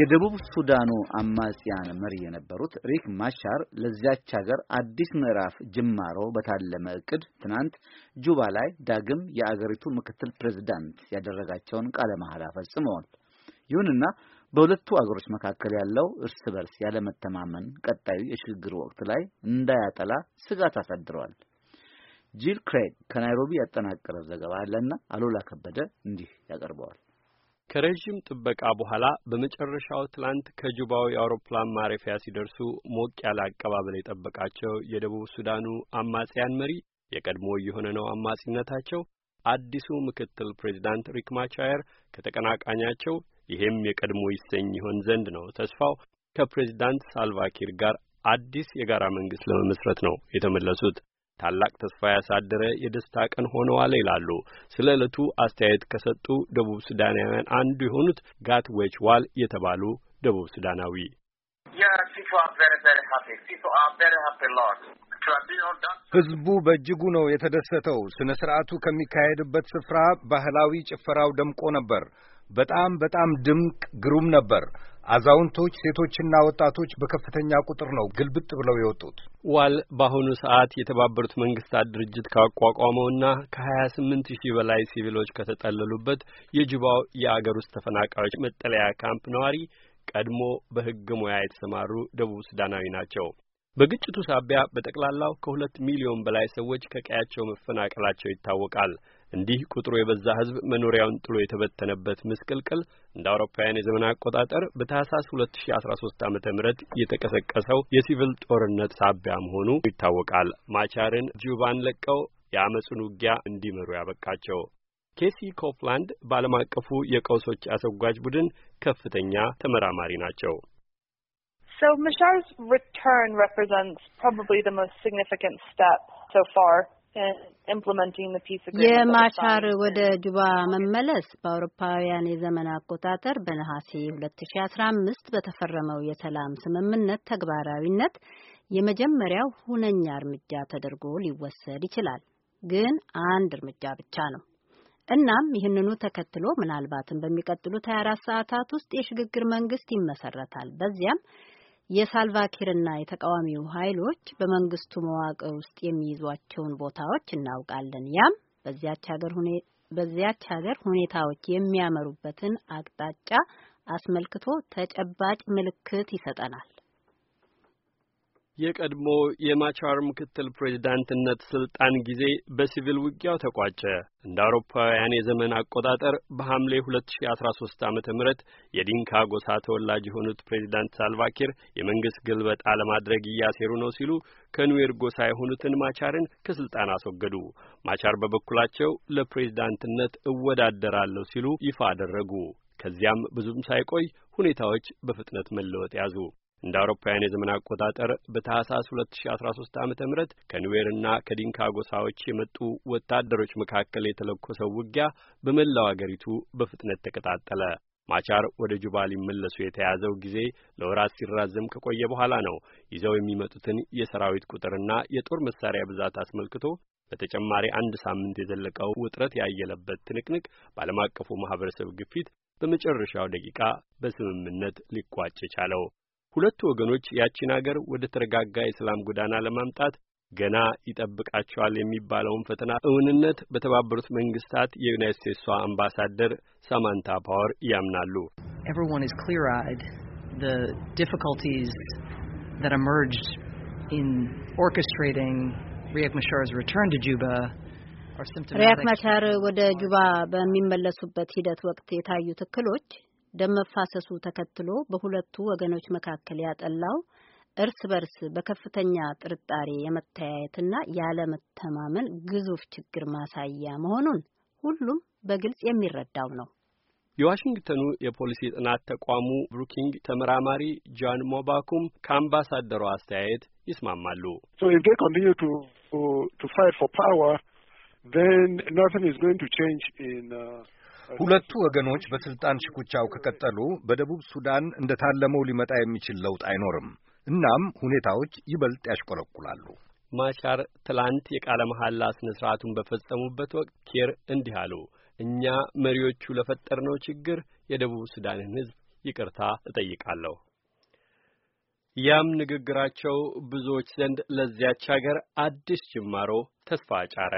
የደቡብ ሱዳኑ አማጽያን መሪ የነበሩት ሪክ ማሻር ለዚያች ሀገር አዲስ ምዕራፍ ጅማሮ በታለመ ዕቅድ ትናንት ጁባ ላይ ዳግም የአገሪቱ ምክትል ፕሬዝዳንት ያደረጋቸውን ቃለ መሐላ ፈጽመዋል። ይሁንና በሁለቱ አገሮች መካከል ያለው እርስ በርስ ያለመተማመን ቀጣዩ የሽግግር ወቅት ላይ እንዳያጠላ ስጋት አሳድረዋል። ጂል ክሬግ ከናይሮቢ ያጠናቀረው ዘገባ አለና አሉላ ከበደ እንዲህ ያቀርበዋል። ከረዥም ጥበቃ በኋላ በመጨረሻው ትላንት ከጁባው የአውሮፕላን ማረፊያ ሲደርሱ ሞቅ ያለ አቀባበል የጠበቃቸው የደቡብ ሱዳኑ አማጽያን መሪ የቀድሞ የሆነ ነው አማጺነታቸው አዲሱ ምክትል ፕሬዚዳንት ሪክ ማቻየር ከተቀናቃኛቸው ይሄም የቀድሞ ይሰኝ ይሆን ዘንድ ነው ተስፋው ከፕሬዚዳንት ሳልቫኪር ጋር አዲስ የጋራ መንግስት ለመመስረት ነው የተመለሱት። ታላቅ ተስፋ ያሳደረ የደስታ ቀን ሆነዋል ይላሉ። ስለ ዕለቱ አስተያየት ከሰጡ ደቡብ ሱዳናውያን አንዱ የሆኑት ጋት ዌች ዋል የተባሉ ደቡብ ሱዳናዊ ሕዝቡ በእጅጉ ነው የተደሰተው። ስነ ስርዓቱ ከሚካሄድበት ስፍራ ባህላዊ ጭፈራው ደምቆ ነበር። በጣም በጣም ድምቅ ግሩም ነበር። አዛውንቶች፣ ሴቶችና ወጣቶች በከፍተኛ ቁጥር ነው ግልብጥ ብለው የወጡት። ዋል በአሁኑ ሰዓት የተባበሩት መንግስታት ድርጅት ካቋቋመውና ከሀያ ስምንት ሺህ በላይ ሲቪሎች ከተጠለሉበት የጁባው የአገር ውስጥ ተፈናቃዮች መጠለያ ካምፕ ነዋሪ ቀድሞ በሕግ ሙያ የተሰማሩ ደቡብ ሱዳናዊ ናቸው። በግጭቱ ሳቢያ በጠቅላላው ከሁለት ሚሊዮን በላይ ሰዎች ከቀያቸው መፈናቀላቸው ይታወቃል። እንዲህ ቁጥሩ የበዛ ህዝብ መኖሪያውን ጥሎ የተበተነበት ምስቅልቅል እንደ አውሮፓውያን የዘመን አቆጣጠር በታህሳስ 2013 ዓመተ ምህረት የተቀሰቀሰው የሲቪል ጦርነት ሳቢያ መሆኑ ይታወቃል። ማቻርን ጁባን ለቀው የአመጹን ውጊያ እንዲመሩ ያበቃቸው ኬሲ ኮፕላንድ በዓለም አቀፉ የቀውሶች አሰጓጅ ቡድን ከፍተኛ ተመራማሪ ናቸው። So Mishar's return represents probably the most significant step so far in የማቻር ወደ ጁባ መመለስ በአውሮፓውያን የዘመን አቆጣጠር በነሐሴ 2015 በተፈረመው የሰላም ስምምነት ተግባራዊነት የመጀመሪያው ሁነኛ እርምጃ ተደርጎ ሊወሰድ ይችላል፣ ግን አንድ እርምጃ ብቻ ነው። እናም ይህንኑ ተከትሎ ምናልባትም በሚቀጥሉት 24 ሰዓታት ውስጥ የሽግግር መንግስት ይመሰረታል። በዚያም የሳልቫኪርና የተቃዋሚው ኃይሎች በመንግስቱ መዋቅር ውስጥ የሚይዟቸውን ቦታዎች እናውቃለን። ያም በዚያች ሀገር በዚያች ሀገር ሁኔታዎች የሚያመሩበትን አቅጣጫ አስመልክቶ ተጨባጭ ምልክት ይሰጠናል። የቀድሞ የማቻር ምክትል ፕሬዚዳንትነት ስልጣን ጊዜ በሲቪል ውጊያው ተቋጨ። እንደ አውሮፓውያን የዘመን አቆጣጠር በሐምሌ 2013 ዓ.ም የዲንካ ጎሳ ተወላጅ የሆኑት ፕሬዚዳንት ሳልቫኪር የመንግስት ግልበጣ ለማድረግ እያሴሩ ነው ሲሉ ከኑዌር ጎሳ የሆኑትን ማቻርን ከስልጣን አስወገዱ። ማቻር በበኩላቸው ለፕሬዚዳንትነት እወዳደራለሁ ሲሉ ይፋ አደረጉ። ከዚያም ብዙም ሳይቆይ ሁኔታዎች በፍጥነት መለወጥ ያዙ። እንደ አውሮፓውያን የዘመን አቆጣጠር በታህሳስ 2013 ዓመተ ምህረት ከኒዌርና ከዲንካ ጎሳዎች የመጡ ወታደሮች መካከል የተለኮሰው ውጊያ በመላው አገሪቱ በፍጥነት ተቀጣጠለ። ማቻር ወደ ጁባ ሊመለሱ የተያዘው ጊዜ ለወራት ሲራዘም ከቆየ በኋላ ነው ይዘው የሚመጡትን የሰራዊት ቁጥርና የጦር መሳሪያ ብዛት አስመልክቶ በተጨማሪ አንድ ሳምንት የዘለቀው ውጥረት ያየለበት ትንቅንቅ በዓለም አቀፉ ማህበረሰብ ግፊት በመጨረሻው ደቂቃ በስምምነት ሊቋጭ ቻለው። ሁለቱ ወገኖች ያቺን አገር ወደ ተረጋጋ የሰላም ጎዳና ለማምጣት ገና ይጠብቃቸዋል የሚባለውን ፈተና እውንነት በተባበሩት መንግስታት የዩናይት ስቴትሷ አምባሳደር ሳማንታ ፓወር ያምናሉ። ሪያክ ማቻር ወደ ጁባ በሚመለሱበት ሂደት ወቅት የታዩ ትክሎች ደም መፋሰሱ ተከትሎ በሁለቱ ወገኖች መካከል ያጠላው እርስ በርስ በከፍተኛ ጥርጣሬ የመተያየትና ያለመተማመን ግዙፍ ችግር ማሳያ መሆኑን ሁሉም በግልጽ የሚረዳው ነው። የዋሽንግተኑ የፖሊሲ ጥናት ተቋሙ ብሩኪንግ ተመራማሪ ጃን ሞባኩም ከአምባሳደሩ አስተያየት ይስማማሉ። ሁለቱ ወገኖች በስልጣን ሽኩቻው ከቀጠሉ በደቡብ ሱዳን እንደታለመው ሊመጣ የሚችል ለውጥ አይኖርም። እናም ሁኔታዎች ይበልጥ ያሽቆለቁላሉ። ማሻር ትላንት የቃለ መሐላ ስነ ስርዓቱን በፈጸሙበት ወቅት ኬር እንዲህ አሉ። እኛ መሪዎቹ ለፈጠርነው ችግር የደቡብ ሱዳንን ሕዝብ ይቅርታ እጠይቃለሁ። ያም ንግግራቸው ብዙዎች ዘንድ ለዚያች አገር አዲስ ጅማሮ ተስፋ ጫረ።